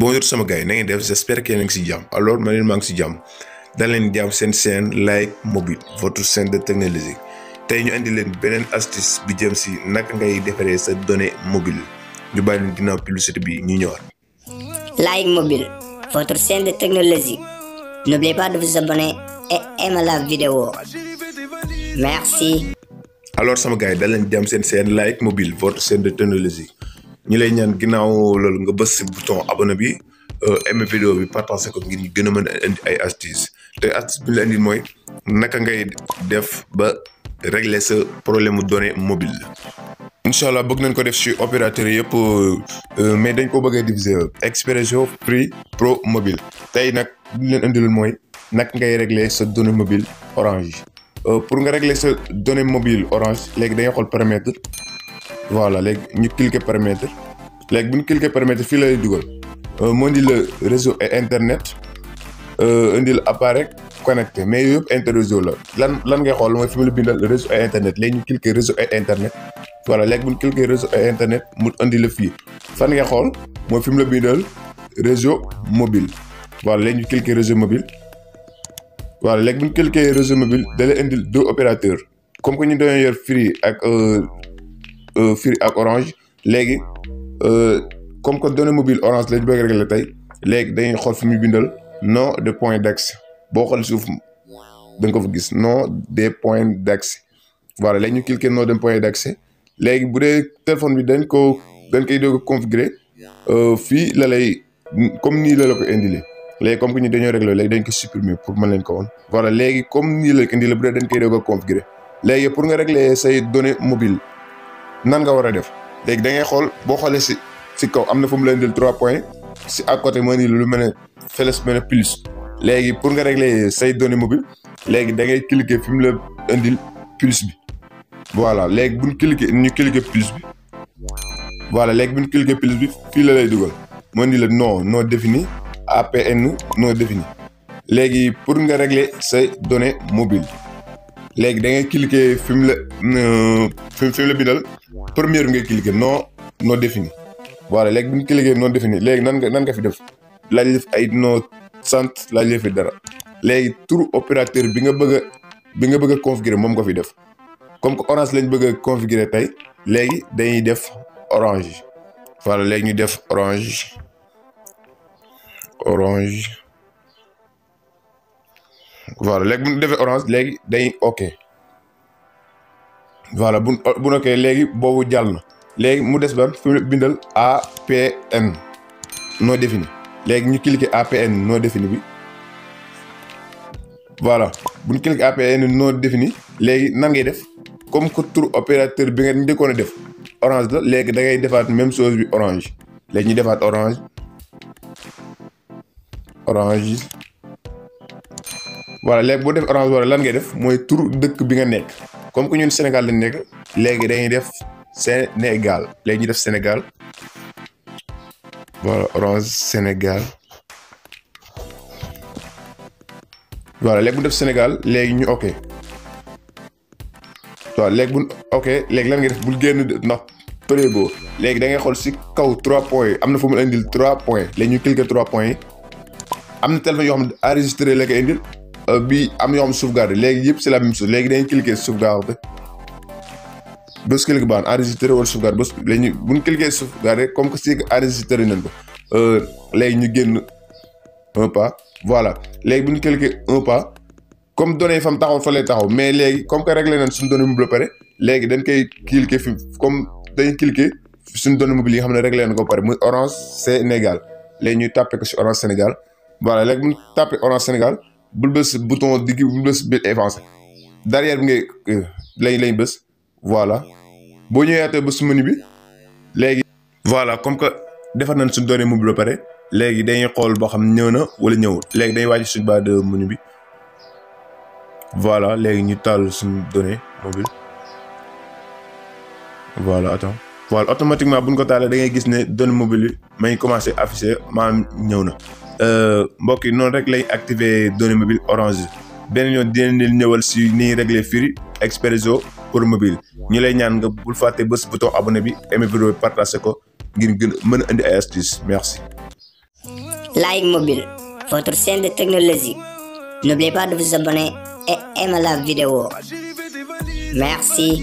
bonjour sama gars yi na ngeen def j'espère que yéen a ngi si jàmm alors man maa ngi si jàmm dal leen jàmm seen seen like mobile votre seen de technologie tey ñu andi leen beneen astuce bi jëm si naka ngay defaree sa données mobile ñu bàyyi leen ginnaaw publicité bi ñu ñëwaat. like mobile votre chaîne de technologie n'oubliez pas de vous abonner et aimer la vidéo sama gars yi dal leen seen seen like mobile votre chaîne de technologie. ñi lay ñaan ginnaaw loolu nga bës si bouton abonné bi euh, aimé bi partagé ko ngir ñu gën a mën a ay astuces te astuce bi ñu la indil mooy naka ngay def ba régler sa problème mu données mobile. incha allah bëgg nañ ko def ci opérateur yëpp euh, euh, mais dañ ko bëggee diviser Expresso prix Pro mobile tey nag li leen indil mooy naka ngay régler sa donnée mobile orange pour nga régler sa donnée mobile orange léegi dañuy xool paramètre voilà léegi ñu cliquer paramètre léegi bu ñu cliquer permettre fii lay dugal euh, moo di le réseau et internet euh, indi la appareil connecté mais yooyu yëpp interréseau la lan lan ngay xool mooy fi mu la bindal réseau et internet léegi internet voilà léegi bu ñu cliquer réseau et mu indi la fii fan ngay xool mooy fi mu la bindal réseau mobile voilà léegi ñu cliquer réseau mobile voilà léegi bu ñu cliquer réseau mobile da lay indil deux opérateurs comme que ñu doon yor Free ak euh, Free ak Orange léegi. Euh, comme que données mobile orange lañ bëgg régler tey léegi dañuy xool fi muy bindal nom de point d'accès boo xool suuf da ko fa gis no des points d'accès voilà léegi ñu cliquer nom de point d'accès léegi bu dee téléphone bi dañ ko dañ koy doog a configurer euh, fii la lay comme nii la la ko indilee léegi comme que ñu dañoo réglé léegi dañ ko supprimer pour mën leen ko woon wala léegi comme nii la ko indilee bu dee dañ koy doog a configurer léegi pour nga reglee say données mobile nan nga war a def léegi da ngay xool boo xoolee si si kaw am na fu mu leen dil trois points si à côté moo ni lu mel ne feles mel ne plus léegi pour nga régler say données mobile léegi da ngay cliquer fi mu la indil plus bi voilà léegi buñ cliquer ñu cliquer plus bi voilà léegi buñ cliquer plus la lay dugal moo ni la non non défini APN non défini léegi pour nga régler say données mobile léegi da ngay cliquer fi mu la euh, fi mu la bindal première bi ngay cliquer non non défini voilà léegi bi ñu cliquer non défini léegi nan nga nan nga fi def laaj def ay no sant laaj def fi dara léegi tur opérateur bi nga bëgg bi nga bëgg a moom nga fi def comme que orange lañu bëgg a configurer tey léegi dañuy def orange voilà léegi ñu def orange orange voilà léegi bu ñu defee orange léegi dañuy ok voilà bu bu nekkee léegi boobu jàll na léegi mu des ban fi bindal APN non défini léegi ñu cliquer APN non defini bi voilà bu ñu cliquer APN non défini léegi nan ngay def comme que tur opérateur bi nga njëkkoon a def orange la léegi da ngay defaat même chose bi orange léegi ñu defaat orange orange voilà léegi boo def orange wala lan ngay def mooy tur dëkk bi nga nekk. comme que ñun Sénégal lañ nekk léegi dañuy def Sénégal léegi ñu def Sénégal voilà orange Sénégal voilà léegi bu def Sénégal léegi ñu ok waaw léegi bu ok léegi lan nga def bul génn ndax prégo léegi da ngay xool si kaw trois points yi am na fu mu indil trois points léegi ñu cliquer trois points yi am na téléphone yoo xam ne enregistré la indil. Euh, bi am yoo xam sauvegarde léegi yëpp si la même chose léegi dañuy cliquer sauvegarde bés clic baan enregistré wala sauvegarde bés lañu buñ cliquer sauvegarde comme que si enregistré nañ ko euh, léegi ñu génn un pas voilà léegi buñ cliquer un pas comme données yi fa mu taxaw mais léegi comme que réglé nañ suñu données mobile ba pare léegi dañ koy cliquer fi comme dañ cliquer suñ données mobile yi nga xam ne réglé nañ ko ba pare muy Orange Sénégal léegi ñuy tapé ko si Orange Sénégal voilà léegi buñ tapé Orange Sénégal bul bës bouton digg bul bës bi avancé derrière bi ngay lañ euh, lañ bës voilà boo ñëwaatee bës menu bi léegi. voilà comme que defar nañ suñ données mobile ba pare léegi dañuy xool boo xam ñëw na wala ñëwul léegi dañuy wàcc suñ barre de menu bi voilà léegi ñu tàll suñ données mobile voilà attends voilà automatiquement buñ ko taalee da ngay gis ne données mobile bi may commencé affiché maanaam ñëw na. Euh, mbokk yi noonu rek lay activer données mobile orange beneen yoon dinañ leen ñëwal si ni régler Free Expresso pour mobile ñu lay ñaan nga bul fàtte bés bouton abonné bi aimé vidéo bi ko ngir gën mën a indi ay astuces merci. Like mobile votre chaîne de technologie n'oubliez pas de vous abonner et la vidéo merci.